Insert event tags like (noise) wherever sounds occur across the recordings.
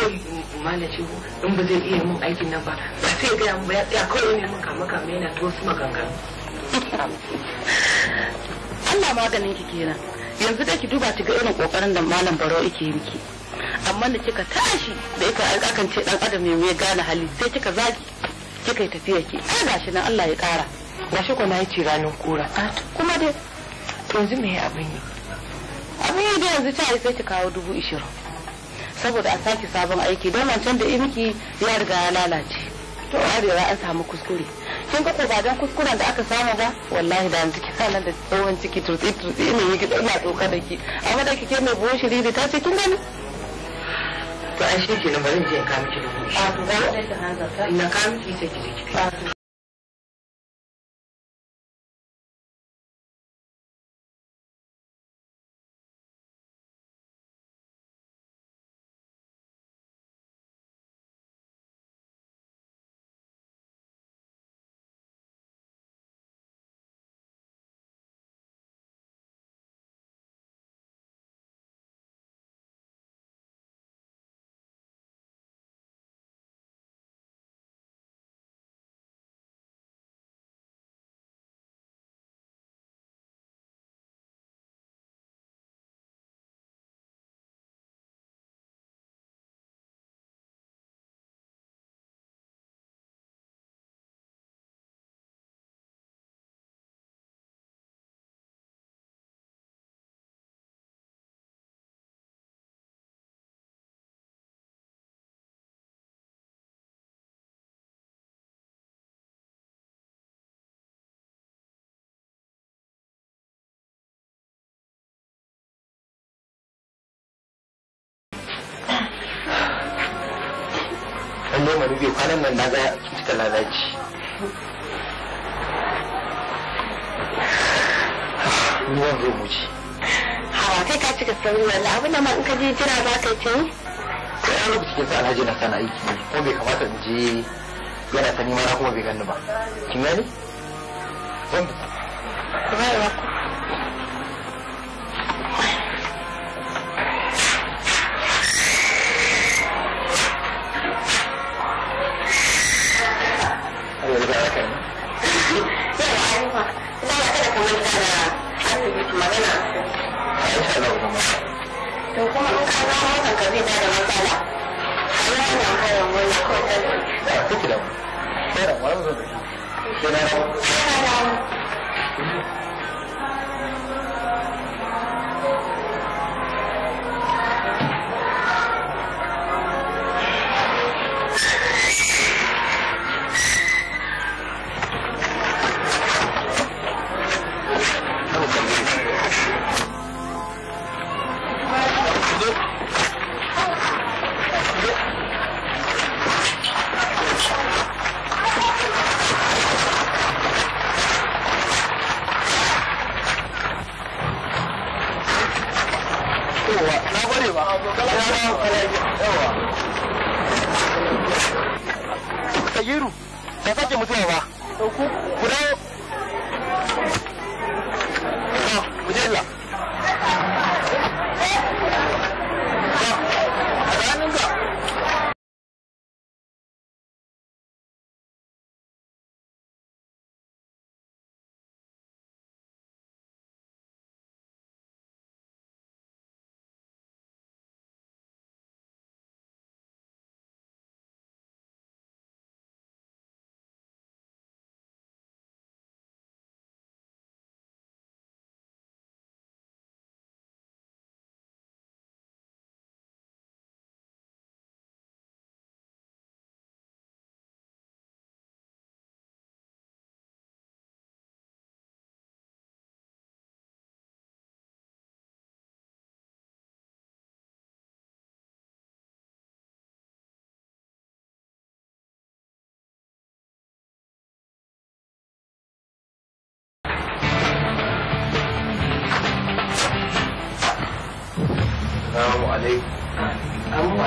kawai malaci in ba zai iya mun aikin nan ba ba sai gaya mu ya kawai ne mun kama kama yana to su maganganu Allah maganin ki kenan yanzu da ki duba ki ga irin kokarin da malam Barau yake yi miki amma da kika tashi da ika akan ce dan adam ne ya gane hali sai kika zagi kika yi tafiya ki ai gashi nan Allah ya kara gashi ko na yi ci ranar kura ah, kuma dai to yanzu me abin yi abin yi da yanzu ta sai ki kawo dubu ishirin saboda a sake sabon aiki don wancan da miki ya riga ya lalace to arewa an samu kuskure kin ga ba dan kuskuren da aka samu ba wallahi da yanzu kika nan da tsohon ciki turtsi ina ne yake ina doka da ki amma da kike mai buwan shiriri ta ce kin gani to an shi ke nan bari in je in kawo miki rubuci a to ga da ta hanzarta na kawo miki sai ki je ki kallo mani biyu kwanan nan na ga kin lalaci ruwan zai mu ci hawa kai ka cika sauri wanda abin da ma in ka je jira za ka ce kai an lokacin sa alhaji na kana aiki ne ko bai kamata in je yana ta nima na kuma bai gani ba kin gani? Kuma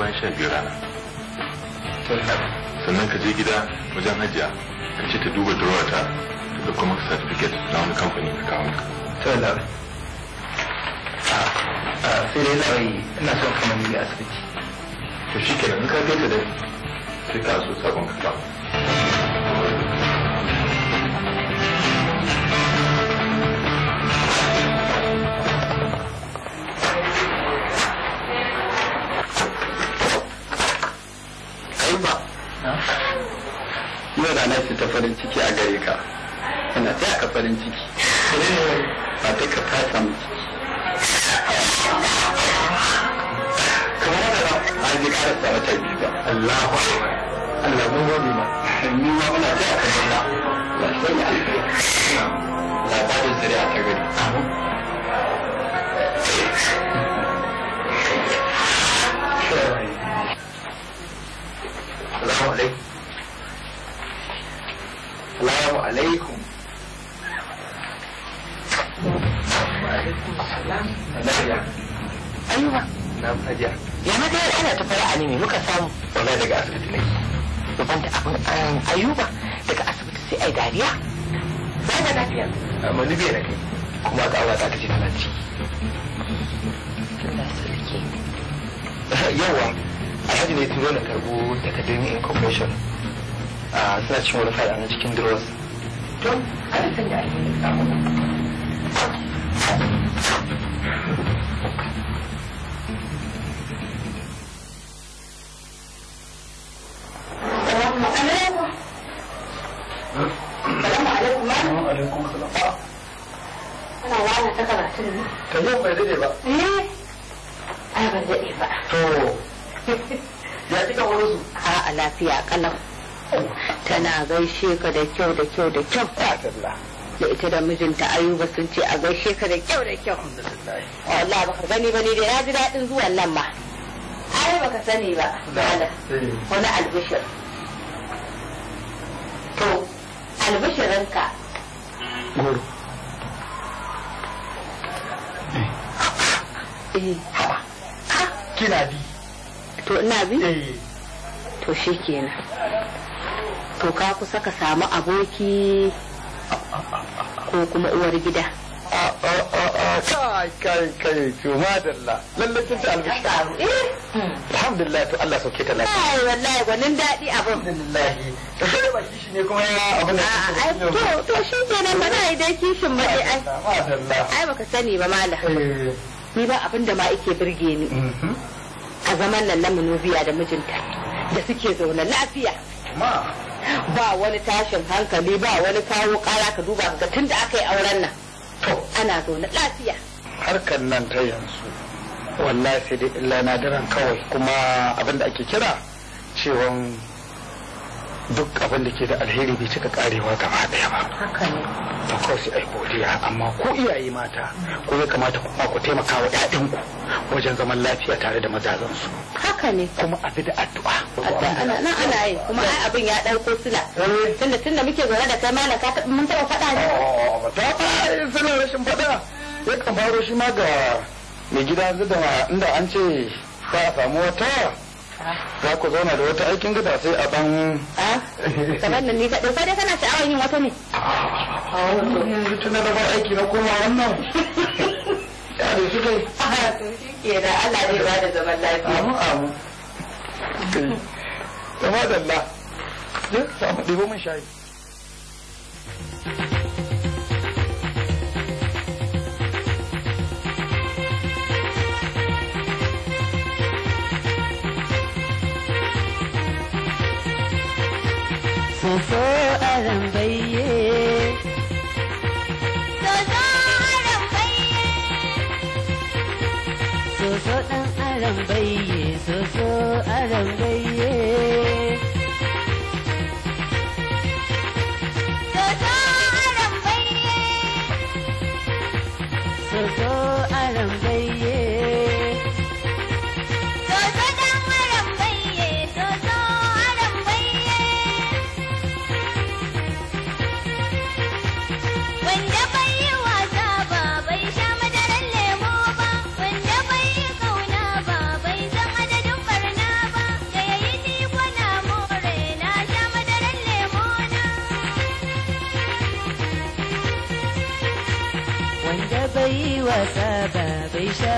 bayan shan biyu rana sannan ka je gida wajen hajiya ka ce ta duba durowa ta da kuma certificate na wani kamfani ka kawo maka sai dai labai ina son kamar yi asibiti to shi kenan in ka kai ta dai sai ka so sabon ka kawo ana ce ta farin ciki a gare ka tana taya ka farin ciki ba ta ka fata samu kamar da ba a ji ƙara sa wata biyu ba Allahu Allah mun gobe ma ni ma muna ta ka murna ba sai ya labarin a ta gari Assalamu alaikum assalamu alaikum ayyuba na fajiya ya mata ya ana ta fara ne muka samu wallahi daga asibiti ne gaban da abin um, ayyuba daga asibiti sai ai dariya ba da lafiya amma ni bai kuma ga awa ta ce tana ci yawa (laughs) alhaji ne turo na karbo takardun incorporation a suna cikin wani fada na cikin drawers a cikin samu Ta yau ba. Eh, ban ba. ya kika wani su? A'a lafiya ƙalau. tana gaishe ka da kyau da kyau da kyau da ita da mijinta ayuba sun ce a gaishe ka da kyau da kyau Allah baka gani ba ne da na ji daɗin zuwan nan ma ai baka sani ba wani albishir to albishirinka eh, eh, kina bi to ina bi eh. to shi kenan to ka kusa ka samu aboki ko kuma uwar gida kai kai kai to madalla lalle kin ta albishar eh? alhamdulillah to Allah sauke ta lafiya ai wallahi gwanin dadi abin alhamdulillah to sai ba kishi ne kuma ya abin da ai to to shi nan ba na dai kishin ba ai ai baka sani ba malam eh. ni ba abin da ma yake burge ni mm-hmm. a zaman nan na munubiya da mijinta da suke zaune lafiya ba wani tashin hankali ba wani kawo kara ka duba ga tun da aka yi auren nan to ana zaune lafiya harkar nan ta yanzu wallahi sai dai na daren kawai kuma abin da ake kira cewon duk abin da ke da alheri bai cika karewa gaba daya ba to kawai sai ai godiya amma ko iyaye mata ko ya kamata kuma ku taimaka wa ƴaƴanku wajen zaman lafiya tare da mazazansu. su haka ne kuma a bi da addu'a na ana yi kuma ai abin ya ɗauko suna eh. tunda tunda muke zaune da kai taɓa mun taɓa faɗa ne oh, ta yin suna rashin faɗa ya kan faro shi ma ga mai gida da inda an ce za a samu wata za ku zauna da wata aikin gida sai a ban ah, kamar da ni ka dauka dai kana sha'awar yin wata ne a wannan yi tun da ban aiki na koma wannan ya da shi kai ah, ke da Allah zai ba da zaman lafiya amu amu kamar da Allah ya samu ɗibo min shayi so aran bayye so aran bayye soso dan aran bayye so aran bayye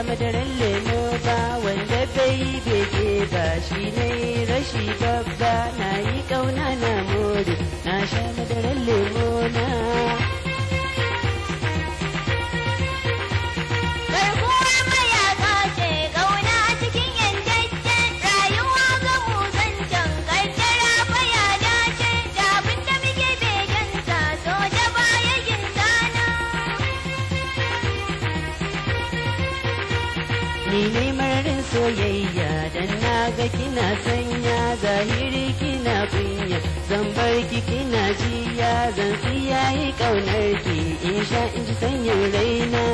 madaran lemo ba wanda bai bege ba shi ne rashi babba na yi ƙauna na more na sha madaran lemo lahiri kina kunya zan bar ki kina jiya zan tsiyaye kaunar ki in sha in ji sanyin raina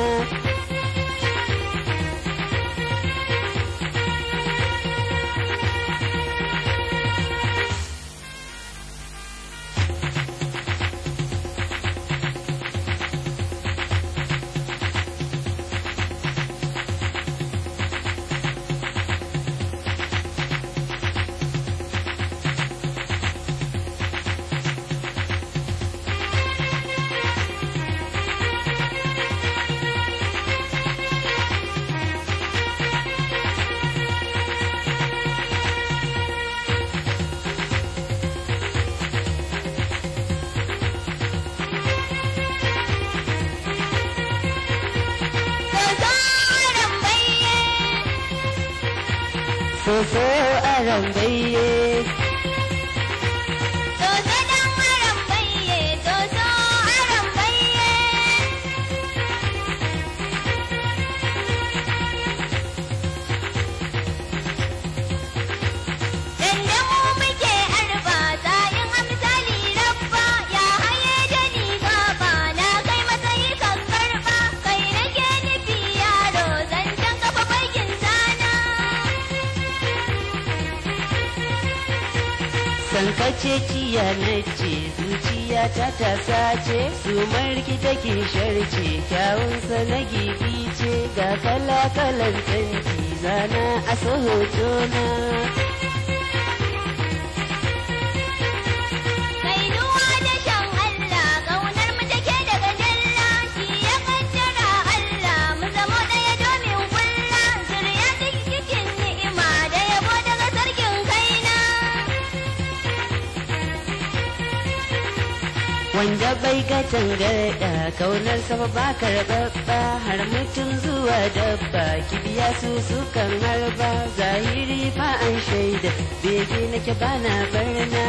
wanda bai ga tangarda kaunar sa ba karbabba har mutum zuwa dabba kibiya su kan harba zahiri ba an shaida bege nake bana barna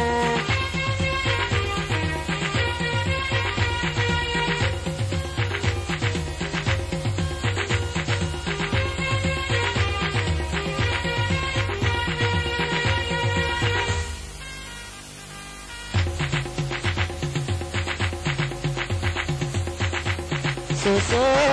Yeah.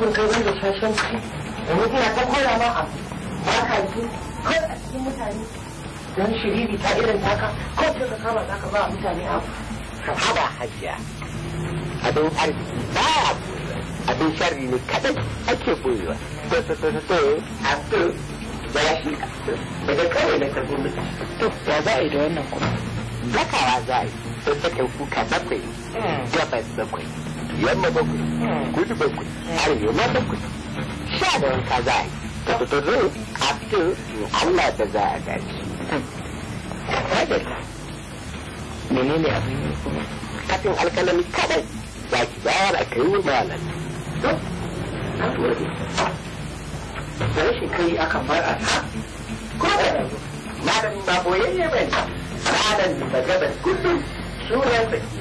kun kai wanda shashen ku yanzu ina ta koya ma a baka ka ji kai a cikin mutane don shiriri ta irin taka ko ta da kama za ka ba mutane abu haba hajiya abin arziki ba ya abin sharri ne kadai ake boyewa to to to to a to da ya shi daga kawai na karbi mutu to ya za a yi da wannan kuma zakawa za a yi sai sakai kuka bakwai hmm. gabas bakwai yamma bakwai kudu bakwai arewa bakwai sha da wanka za a yi ka fito zai after Allah da za a dace kadai menene abin yi kuma kafin alkalami kadai za ki tsara ka yi malam da rashin kai akan bar a ta ko da yanzu malam ba boyayye ba ne malam da gabas kullum sunan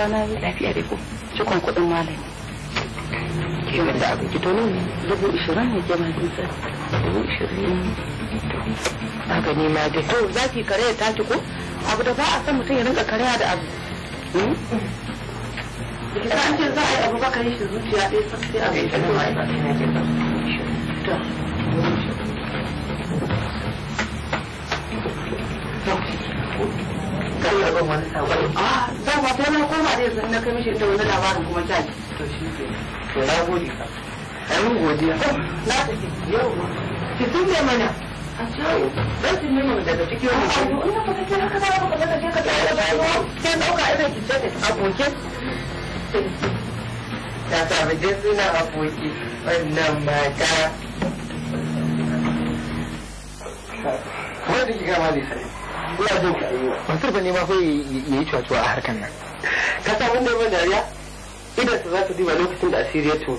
kwana lafiya da ku cikon kuɗin malami da abu gido ne dubu ishirin ne ke mafi dubu ishirin ma da to za ki ta ko abu da ba a san mutum ya rinka kare da abu hmm? an ce za a yi abu ba shi zuciya ɗaya sai a dama sai na koma da yanzu na kai mishi inda wani labarin kuma ta ji to shi ke to na gode ka ai mun godiya (laughs) na tafi yau ki sun mu daga cikin wani shi ka ki ta sai ina jin ka ayyuka mansur ne ma fa cuwa a harkar nan ka sa mun dama dariya idan za lokacin da asiri ya tono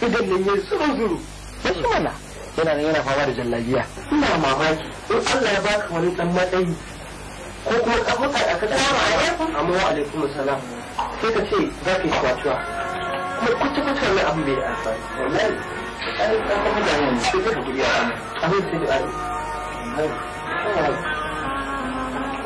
idan nan ya zuru zuru ba shi mana yana nan yana fama da ina mamaki in Allah ya baka wani dan matsayi ko kuma kafuka a ka tsara amma wa alaikum salam sai kuma wani bai amfani wallahi kuma da sai ka ya abin sai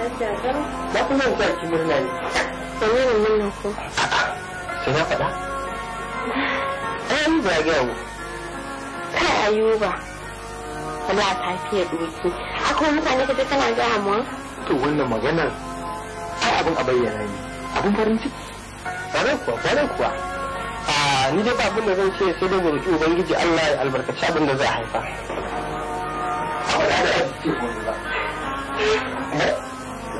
Na kuma yanzu ki murna ne. Sanyi ne murna ko? Sai na faɗa? Ɗan zagaya mu. Kai Ayuba. Wala ta fiye ɗoki. Akwai mutane ka tana gaya mu? To wannan maganar ai abin a bayyana ne. Abin farin ciki. Kwarai kuwa, kwarai kuwa. ni dai ba abin da zan ce sai dai mu roƙi Ubangiji Allah ya albarkaci abin da zai haifa. Abu da ake ce ba.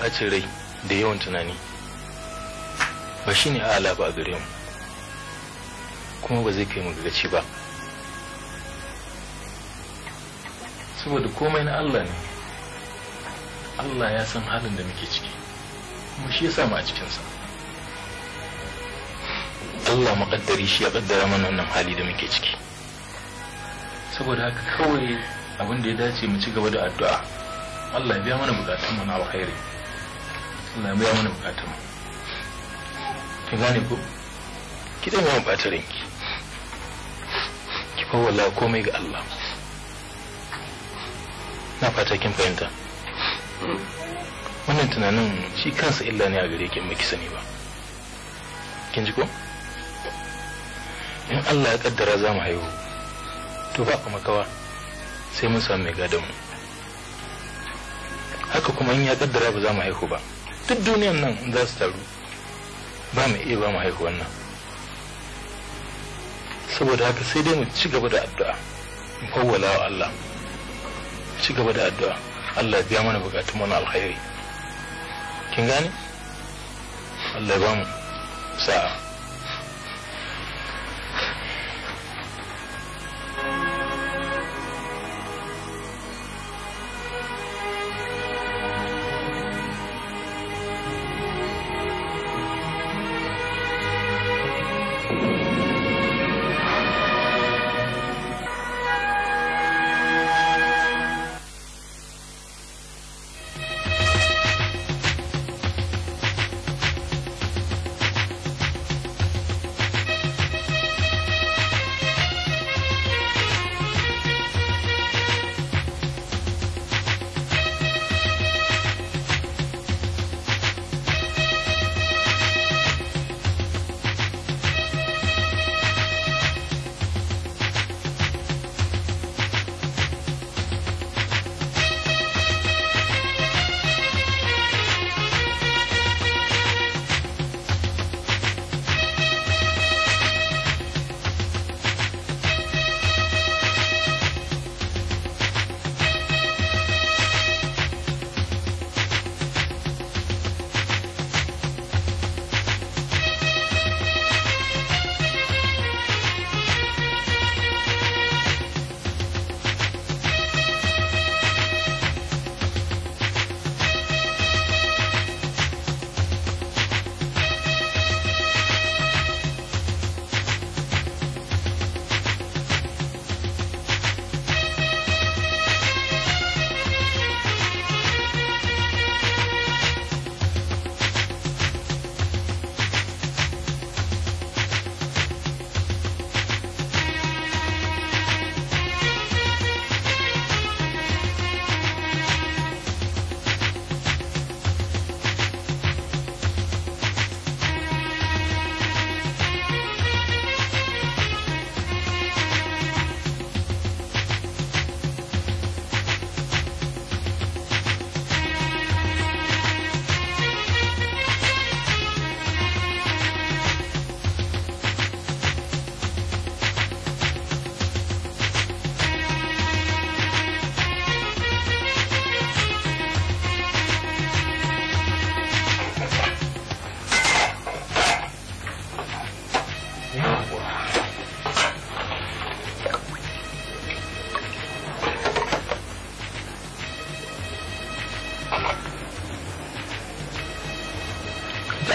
ɓacin rai da yawan tunani ba shi ne ala ba a gare mu kuma ba zai kai mu gaci ba saboda komai na Allah ne Allah ya san halin da muke ciki kuma shi ya samu a cikinsa Allah maƙaddari shi ya ƙaddara mana wannan hali da muke ciki saboda haka kawai abinda ya dace mu ci gaba da addu'a Allah ya biya mana bukatun mu na alkhairi na biya mana bukatun ki gane ko ki dai ma bata ki fawwala komai ga Allah na fata kin fahimta wannan tunanin shi kansa illa ne a gare ki ba ki sani ba kin ji ko in Allah ya kaddara za mu haihu to ba kuma kawa sai mun samu mai gadon haka kuma in ya kaddara ba za mu haihu ba duk duniyan nan za su taru ba mu iya ba mu haihu nan saboda haka sai dai mu ci gaba da addu'a mu fawwala wa Allah ci gaba da addu'a Allah biya mana bukatun mana alkhairi kin gane Allah ya ba mu sa'a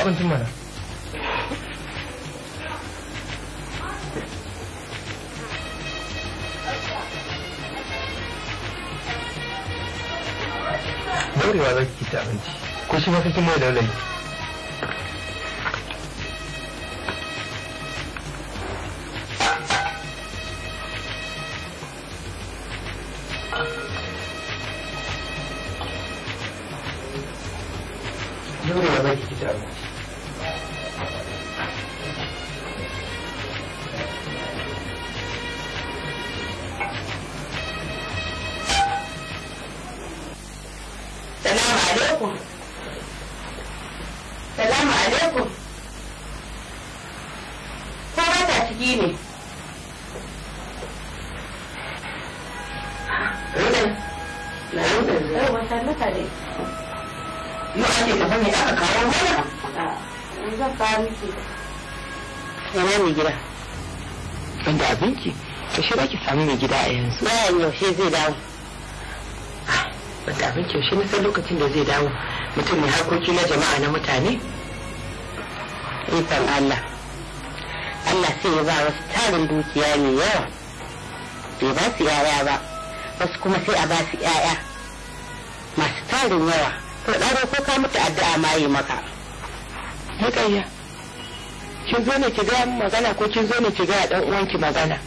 Continúa. daurewa za ki ci abinci ko shi ma kake mai da lai daurewa za ki ci abinci bayan yaushe zai dawo wanda abin yaushe na san lokacin da zai dawo mutum mai harkoki na jama'a na mutane ikon allah allah sai ya ba wasu tarin dukiya mai yawa bai ba su yaya ba wasu kuma sai a ba su yaya masu tarin yawa ko ɗaro ko ka mutu addu'a ma yi maka kin zo ne ki ga magana ko kin zo ne ki ga dan uwanki magana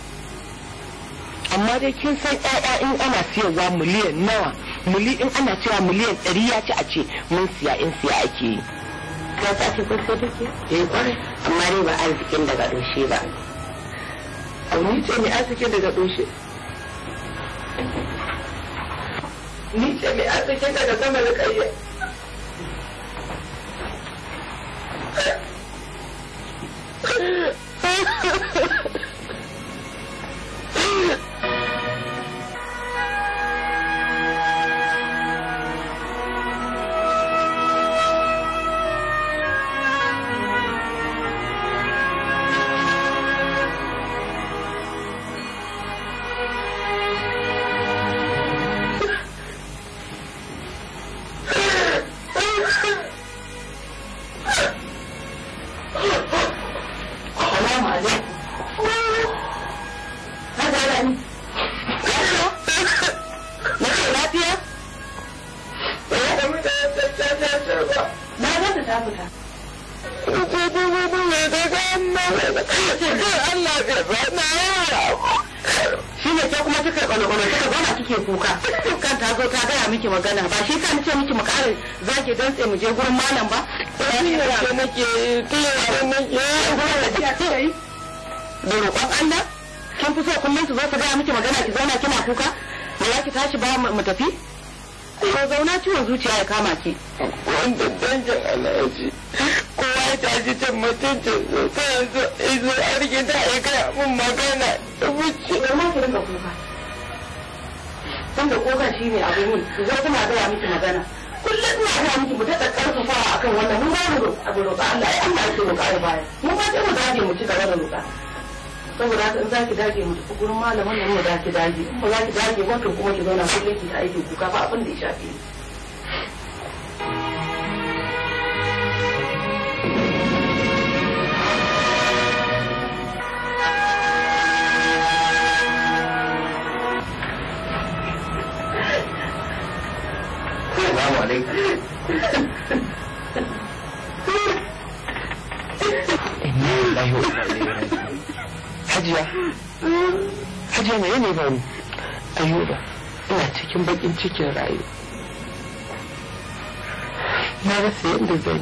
amma dai kin san ƴaƴa in ana siyarwa miliyan nawa muli in ana cewa miliyan ɗari ya ci a ce mun siya in siya ake yi ka sa eh kwarai amma dai ba arzikin daga ɗoshe ba ni ce mai arzikin daga ɗoshe. ni ce mai arzikin daga sama da ha (laughs) ha gaya miki magana ba shi ka nace miki mu ƙara zaki dantse mu je gurin malam ba kiyar nake kiyar nake da roƙon Allah kin fi so kullum su zo su gaya miki magana ki zauna kina kuka ba za ki tashi ba mu tafi ko zauna ciwon zuciya ya kama ki wanda dangin alhaji kowa ya tashi cin mutunci ta yanzu izu argin ta aika mun magana da wuce ba ma ki rinka kuka tunda kokan shi ne abin yi su zo gaya miki magana kullum ina gaya miki mu daɗa a akan wannan mun ba mu abu roƙa Allah ya Allah yake roƙa da baya mun ba ta mu dage mu ci gaba da roƙa saboda haka in za ki dage mu tafi gurin malamin nan mu za ki dage in ba za ki dage ba kuma ki zauna kullum ki ta aiki kuka ba abin da ya shafi assalamu alaikum inna hajiya hajiya me ne ba ni ayyuba ina cikin bakin cikin rayu na rasa yadda zan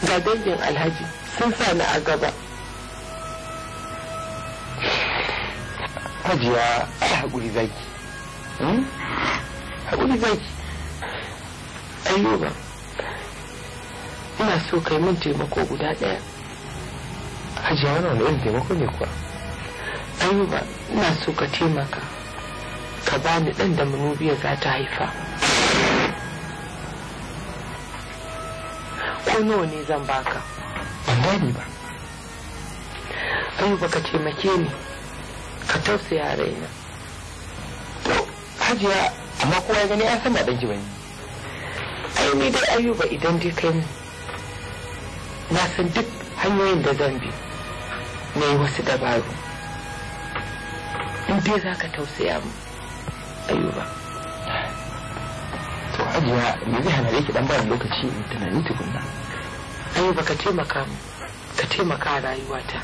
yi ga dangin alhaji sun sa ni a gaba hajiya (clears throat) zaki hmm? zaki ayyuba ina so kai min taimako guda ɗaya hajiya wani wani irin taimako ne kuwa ayyuba ina so ka taimaka ka bani ɗan da manubiya za ta haifa ko nawa ne zan baka ban gani ba ayyuba ka taimake ni ka tausaya raina to hajiya amma kowa ya gani an san ba ɗanki ba ne sai ni dai ayuba idan dai kai mu na san duk hanyoyin da zan bi na yi wasu dabaru in dai za ka tausaya mu ayuba to ajiya me zai hana yake dan bayan lokaci in tunani tukunna ayuba ka taimaka mu ka taimaka a rayuwata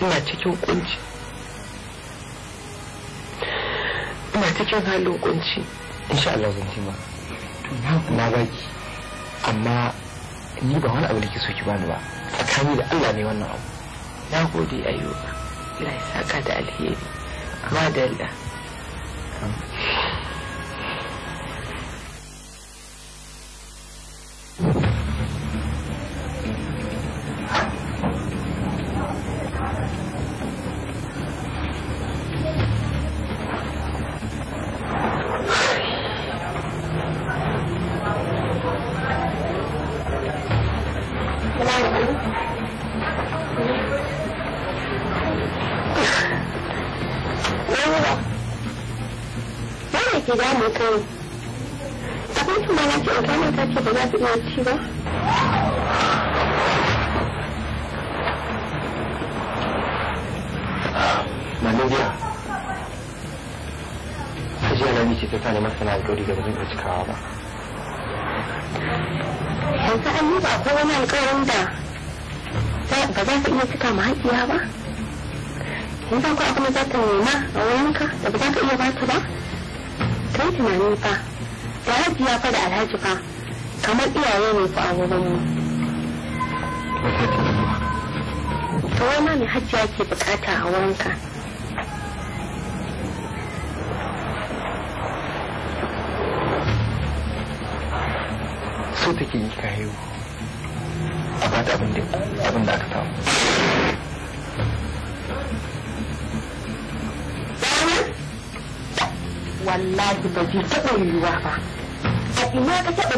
ina cikin kunci ina cikin halin kunci insha Allah zan taimaka na baki amma ni ba wani abu da ke so ki bani ba tsakani da Allah ne wannan abu na gode ayyuka ina saka da alheri amma da Allah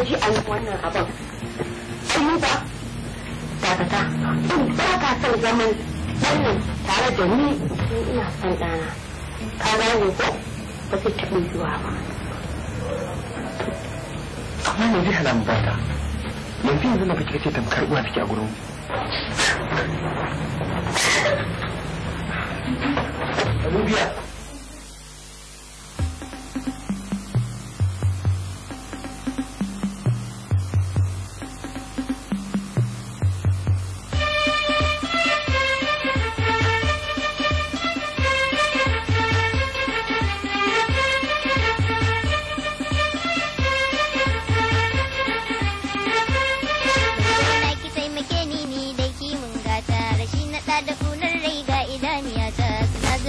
je a yi wannan abin sun ba dakata in ba ka son zaman wannan tare da ni in ina son ɗana ka gane ko ba taɓa ba amma zai ba ta yanzu yanzu na ce tamkar uwa take a gurin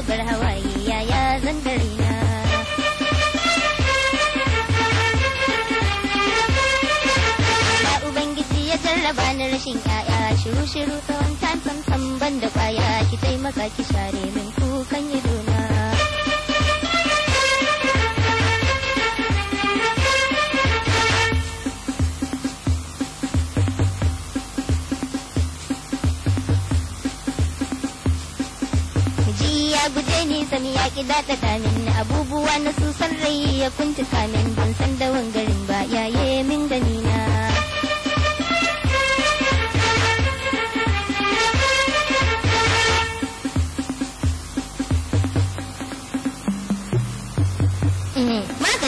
zubar hawaye yaya zan na ya ubangiji ya jarraba ni rashin yaya shiru shiru tsawon tantan ban da kwaya ki taimaka ki share min kukan ido na sani ya ki dada kamin abubuwa na sun san rai ya kunta kamin ban san da garin ba yaye min da mm, nina.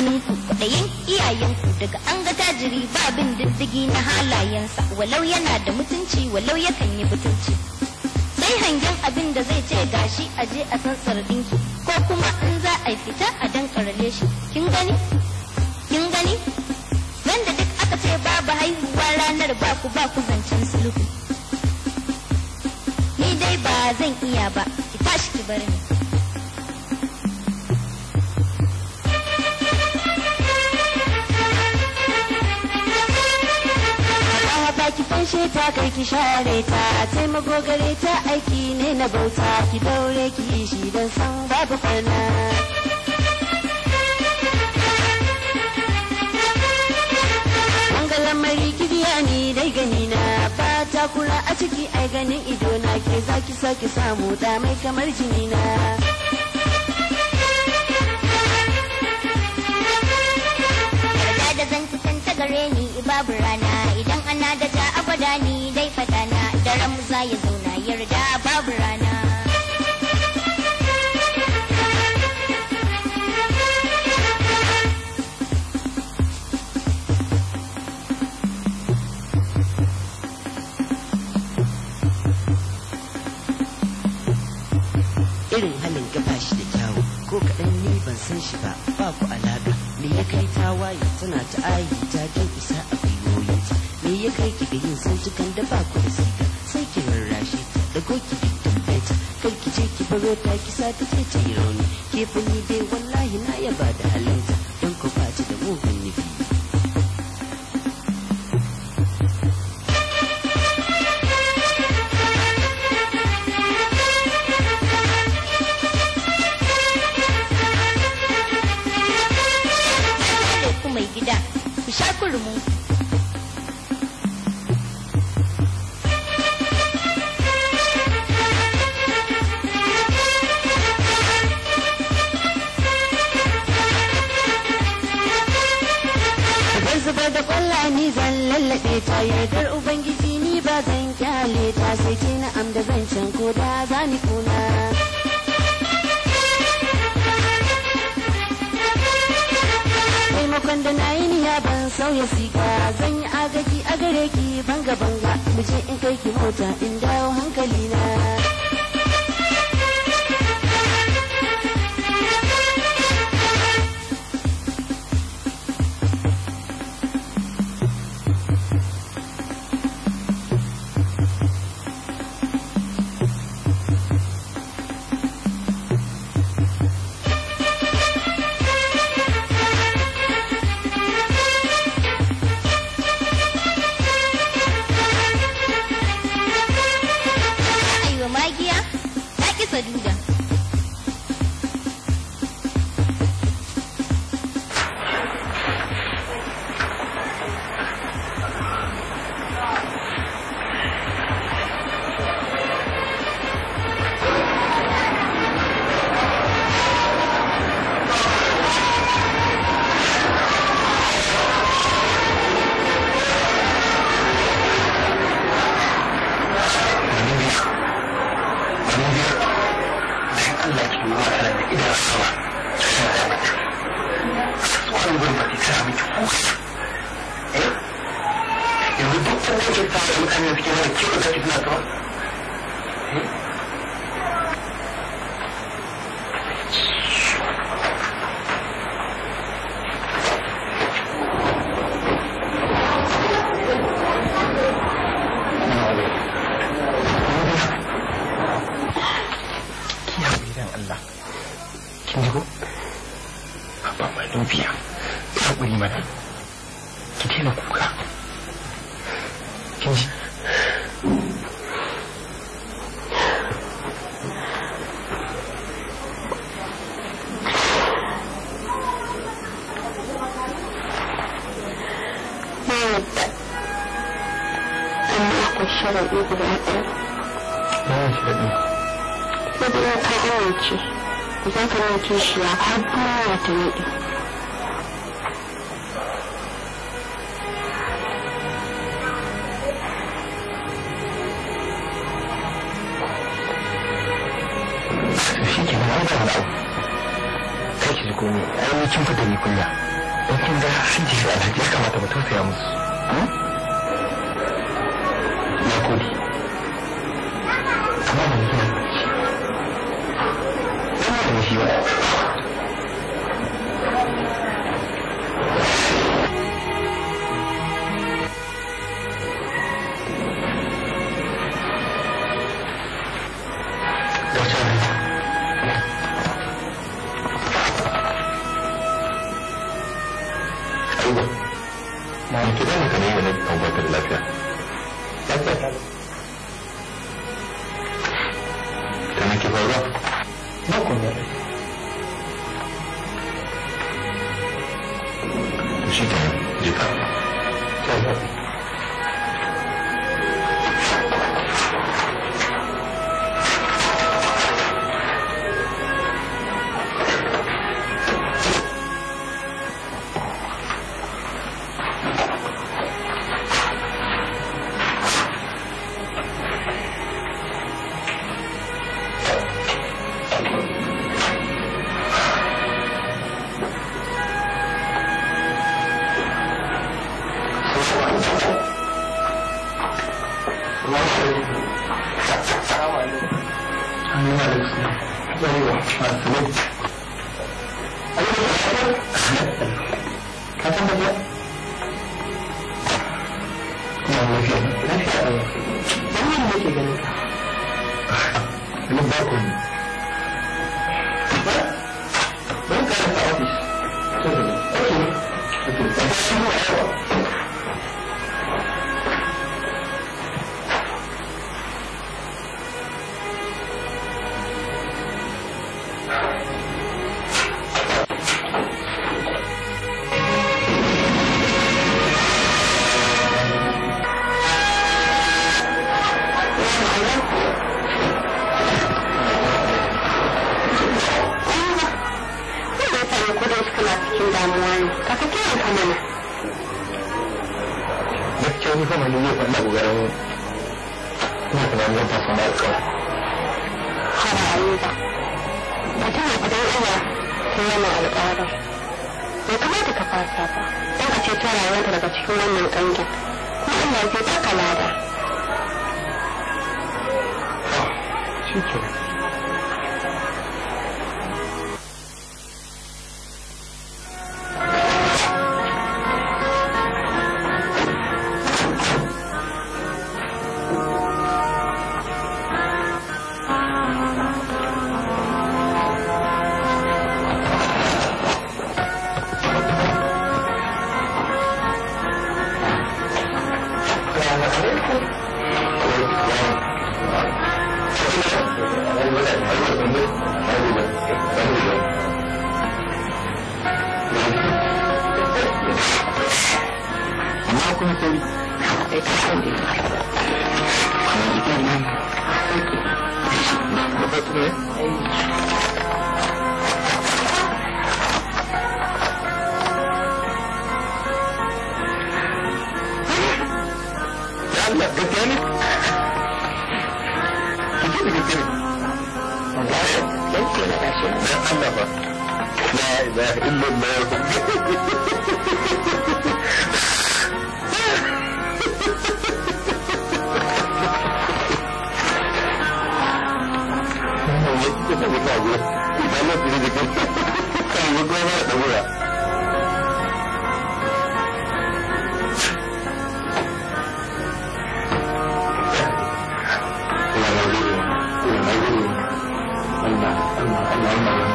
da kwaɗayin iyayenku daga an ga tajiri ba bin diddigi na halayensa walau yana da mutunci walau yakan yi mutunci yan abin da zai ce gashi a je a san sardinki ko kuma in za a fita a karale shi kin gani kin gani wanda duk aka ce babu haihuwa ranar ba ku ba ku zancen sulhu ni dai ba zan iya ba ki tashi ki bari ni gaishe ta kai ki share ta taimako gare ta aiki ne na bauta ki daure ki shi dan san babu kwana. lamari kibiya ni dai gani na fata kula a ciki ai ganin ido na ke zaki saki samu damai kamar jini na da zan gare ni babu rana na da ta abada ni dai fata na da ramza ya zauna yarda babu rana kai ki ga yin santukan da ba ku da sika sai ki rarrashi da ko ki duk tambaci kai ki ce ki baro ta ki sa ta ce ta yi rauni ke fanni dai wallahi na ya ba da halinta don ku ba da mugun nufi ne ta sai ke na am da zancen ko da za ni kuna. taimakon da na yi niya ban sauya siga zan yi agaji a gare ki banga banga mu in kai ki mota in dawo hankali na. 别，他不理我了。今天我过来，兄弟。妈呀！俺们二哥说了，你不来。妈，是我不要他二哥去，我叫他来就是啊。不来すごいっすよ。su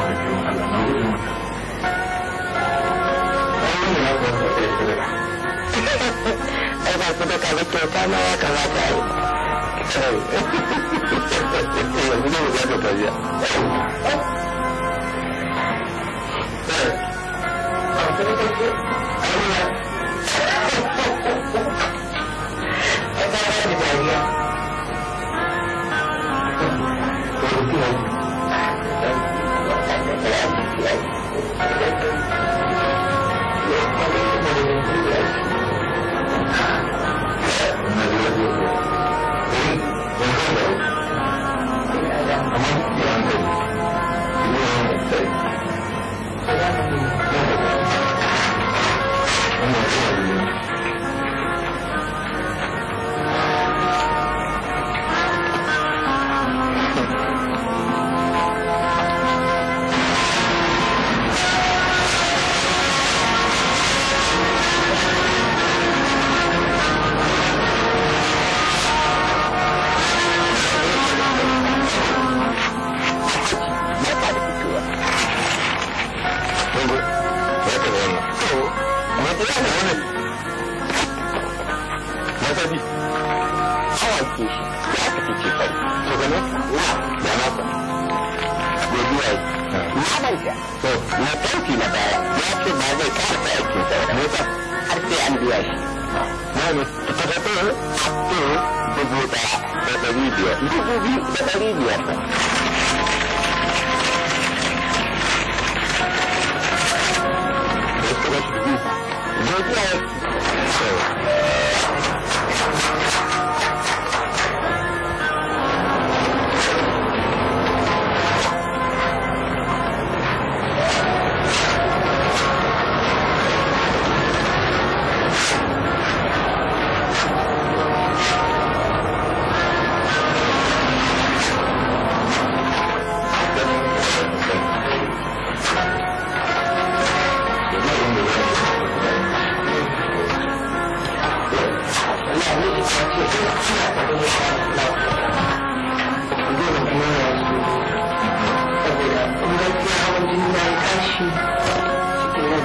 da kaga a yi. ɗauke shi aka ce fari to gano na da na na manta to na ɗauki na baya ya ce ba zai kara ta aikin sa wata mota har sai an biya shi na ne ta tafi a to dubu ɗaya da biyar dubu biyu da ɗari biyar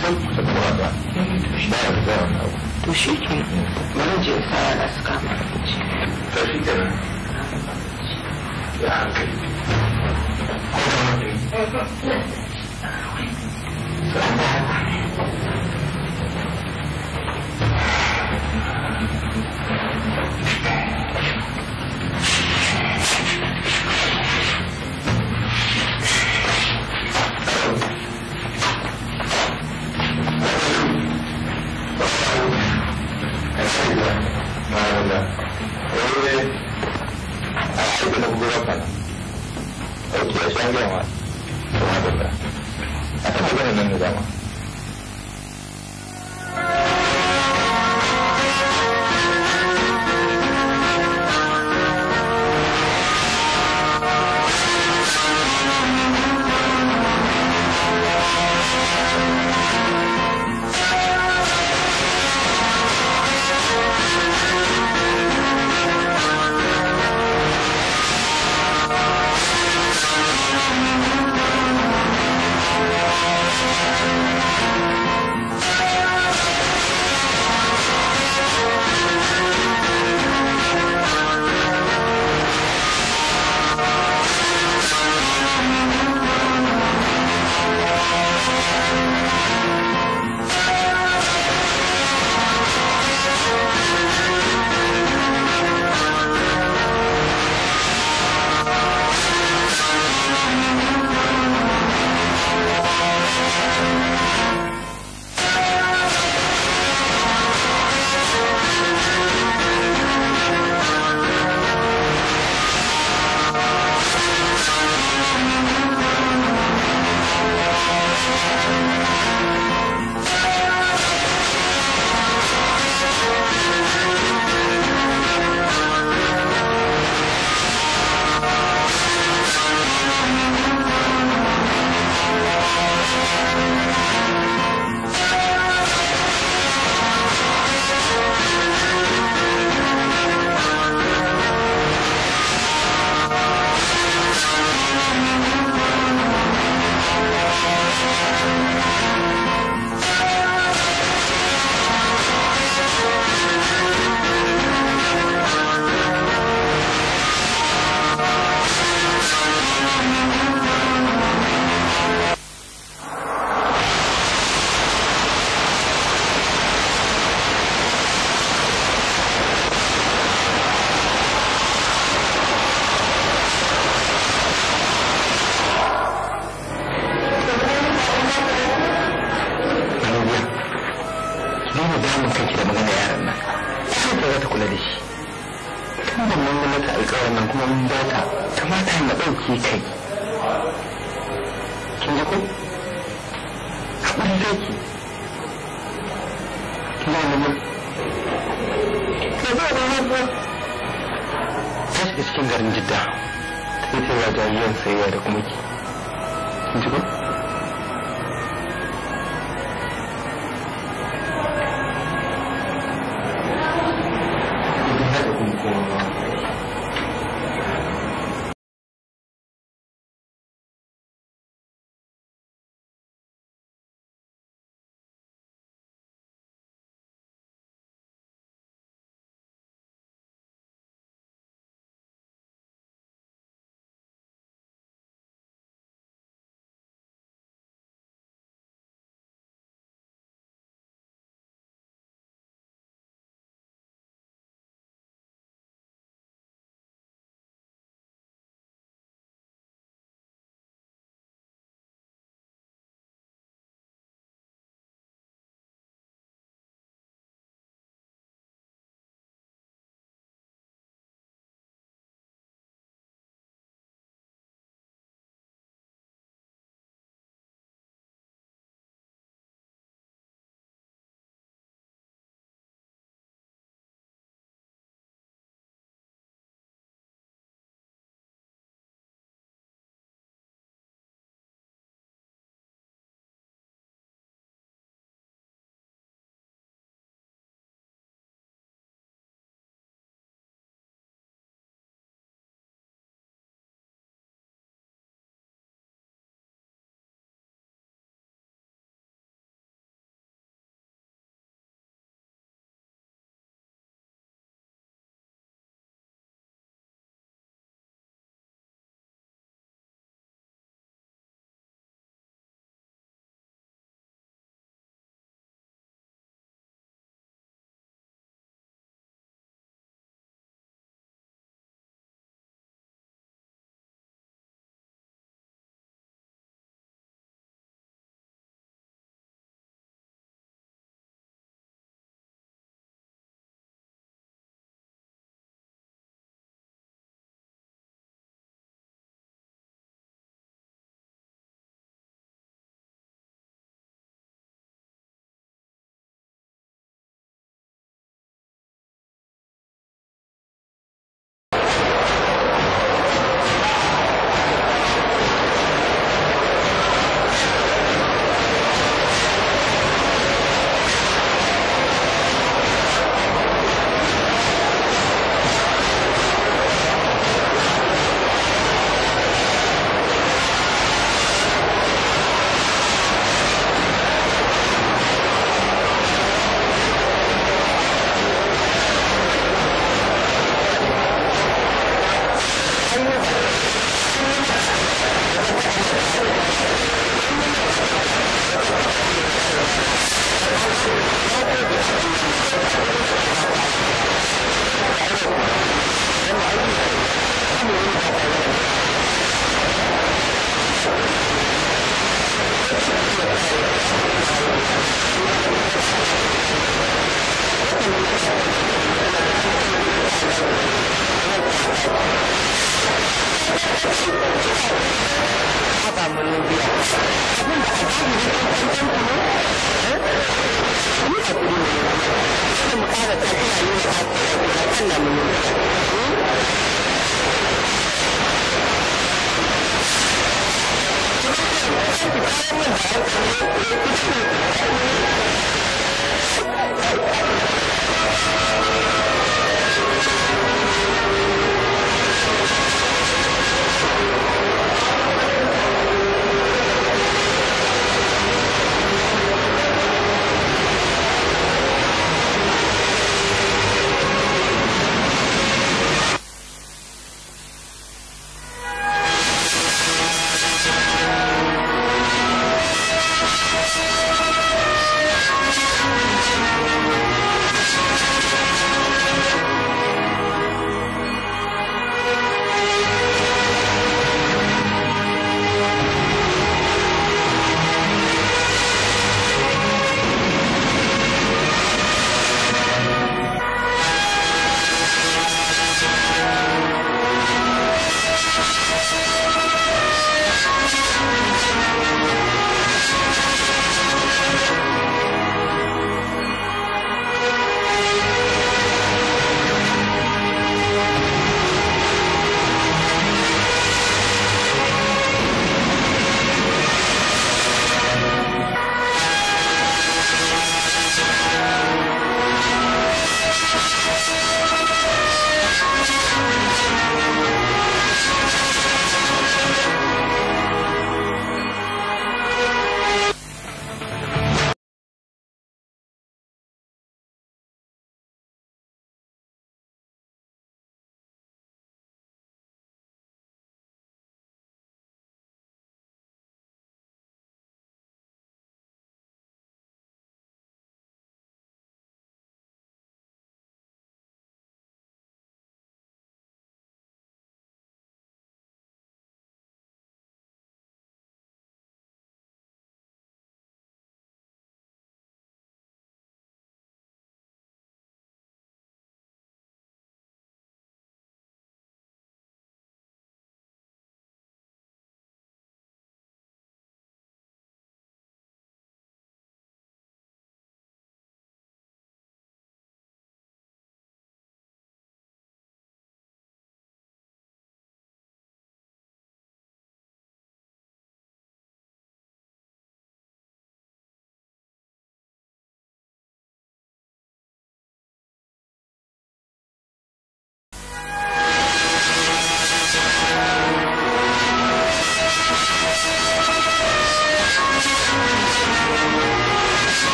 to shi ke bari je sa da su kama ta shi ke nan ya hankali Thank you. 那个，那个，因为，哎，不能不要看啊，而且三变换，那个，哎，不能那个嘛。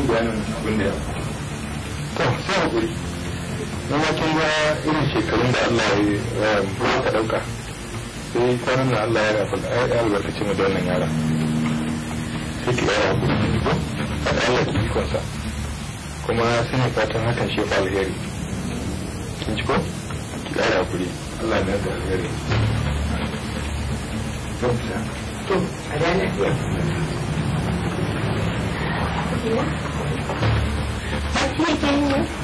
mun bayanin abin ya to sai hakuri irin shekarun da Allah ya yi eh, ka dauka sai kwanan Allah ya rafa ya albarkaci mu da wannan yara sai ki yara ko Allah ki kuma sai fatan hakan shi fa alheri kin ji ko ki yara hakuri Allah ya da alheri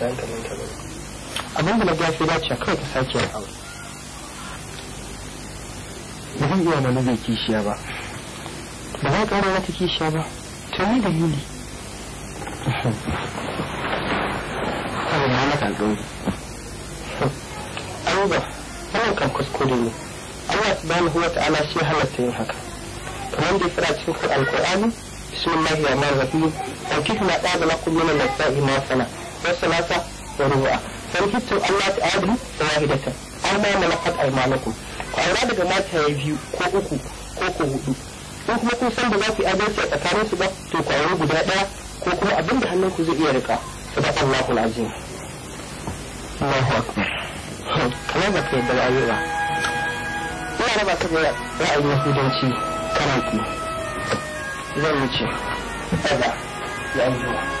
dan kalin kalin abin da na ga sai dace kawai ta sake yin aure ba zan iya mana zai kishiya ba ba za ƙara wata kishiya ba to ni dalili abin na mata alƙawari ayuba wannan kan kuskure ne Allah subhanahu wa ta'ala shi halatta yin haka kamar da fara cikin alƙur'ani bismillahir rahmanir rahim wa kifna qadala kullu min nasa'i ma sana'a والثلاثة وربعها فنكتم الله تعالى واحدة أما ما ملكت أيمانكم فأولاد جماعة هيفيو كوكو كوكو هدو in kuma kun san ba za ku yi adalci a tsakanin su ba to ku guda ɗaya ko kuma abin da hannun ku zai iya rika Allah Allahu alazim Allahu akbar kamar ba ka yadda ra'ayi ba ina raba ka da ra'ayin yahudanci karatu zan wuce ya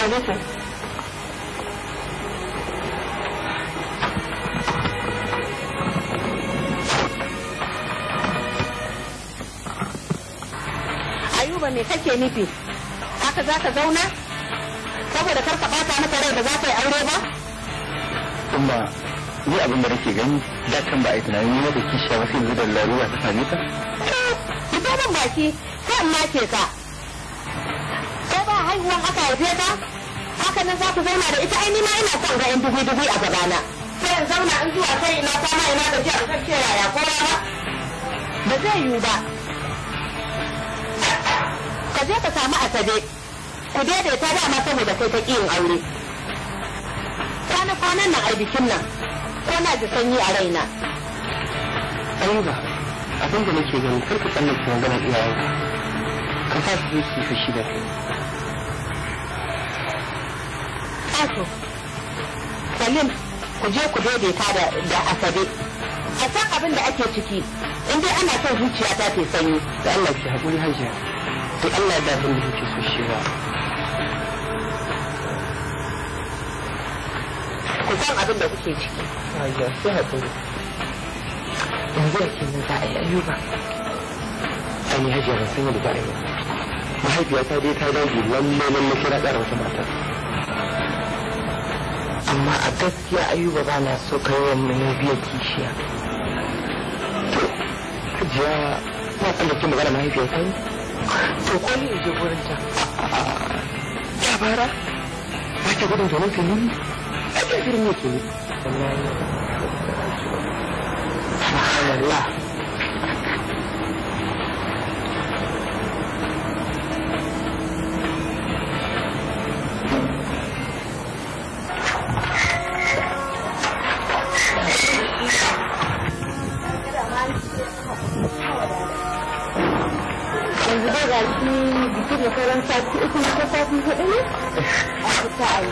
a Ayuba me kake nufi? Haka za ka zauna? Saboda kar ka bata na rai da za ka yi aure ba? Kuma ni abin da nake gani da kan ba a yi tunanin yi mata kishiya wasu yanzu da larura ta same eh, ka? Eh, ki baki, kan ma ke ka. haihuwan aka haife ta haka nan za ku zauna da ita ai ma ina son ga yan dubu dubu a gabana sai in zauna in zuwa sai ina kwana ina da jiya kan ce yaya ko ba ba zai yiwu ba ka je ka samu asabe ku daidaita dama saboda kai ta kiyin aure kwana kwanan nan a bikin nan ko na ji sanyi a raina Ayyuba, abin da nake gani karka sannan ki maganar iyayen Ka sa su su fushi da kai. taso salim ku je ku daidaita da da asabe a san abin da ake ciki in dai ana son zuciya ta ke sanyi da Allah ki hakuri hajiya to Allah ya da abin da kike so shi ba ku san abin da kuke ciki hajiya sai hakuri yanzu ake yin za a yi ayyuka ani hajiya ban san yadda za a yi mahaifiyata dai ta dage lalle lalle kira wata mata amma a gaskiya ayuba ba na so kai wa mai biya kishiya hajiya na san da ke magana mahaifiyar ta to ko ne je gurin ta ya bara ba ke gudun tonon fili ne a ke firin ne ke ne sannan ya Allah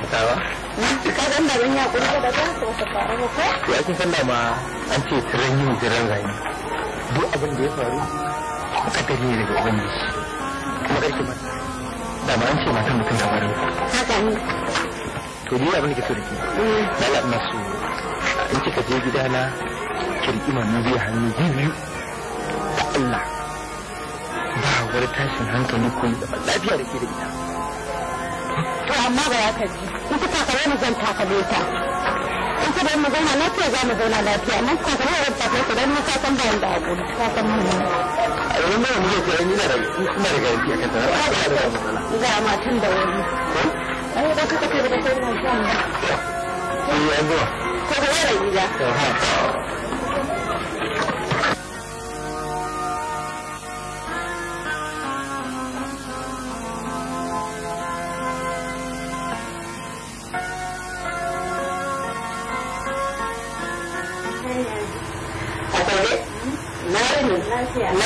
fitawa mm, ka dan da ban ya kuri da ta ko fara ko ya kin san da ma an ce tiran yin jiran rayu duk abin da ya faru ka ne daga ubangiji kuma karki ma da ma an ce mata mutum kamar haka ne to ni abin da ke so da ke mm. lalata masu in kika je gidana kirki mamu biyu hannu biyu da Allah ba wani tashin hankali ko lafiya da ke da ita amma ba ya kaji in ka takare mu zan takare ta in ka bar mu zauna lafiya za mu zauna lafiya nan ka da ta ku dan ka san bayan da abu ka san eh, mun a da ta da ina da garanti akan ta za da ai eh, ka da kai mun san ba ko ga yara gida eh,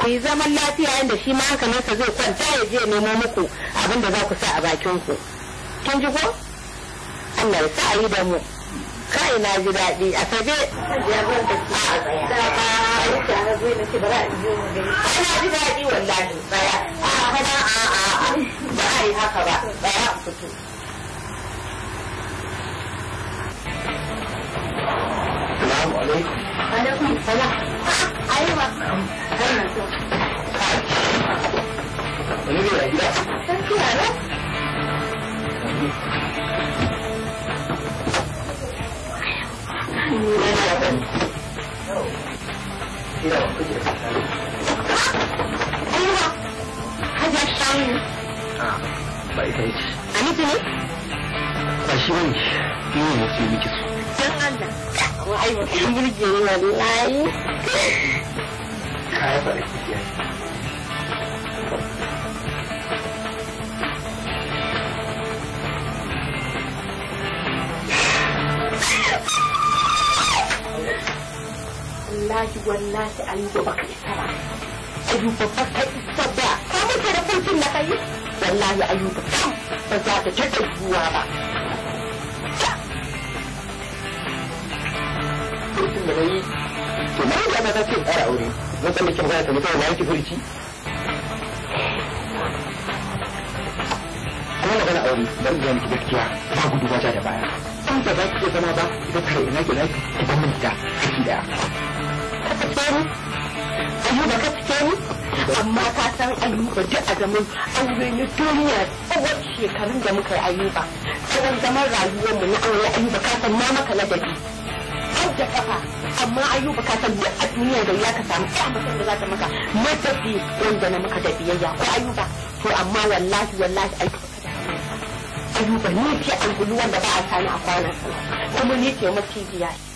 ku yi zaman lafiya inda shi ma hankalinsa zai kwanta ya je nemo muku abin da za ku sa a bakin ku kin ji ko Allah ya sa a yi da mu kai na ji daɗi a sabe ana ji daɗi wallahi tsaya a hana a a ba a yi haka ba tsaya a fito Ah, Don Allah, kun burge ni wallahi. kayan faɗa kike wallahi wallahi an yi baka isa ba ayuba ba ka isa ba ka mutu da kulkin na kai wallahi ayuba ba za ta taɓa zuwa ba kulkin da ce na yi ta ce ƙara aure zan tsalle kin gaya ta mutum na yanki furci kuma magana aure zan gaya miki gaskiya ba gudu ba da baya san da za ki zama ba idan kare ina ki lafi ki ban min gida kaki ayu da ka ni amma ka san ayyuka duk a zaman aure na duniya tsawon shekarun da muka yi ba tsawon zaman mu na aure ayyuka ka san ma maka ladabi har da kafa amma ayyuka ka san a duniya da ya ka samu ta mutum da za ta maka madafi wanda na maka da biyayya ko ayyuka to amma wallahi wallahi ayyuka ayyuka ni ce an gudu wanda ba a sani a kwanan kuma ne ke mafi biyayya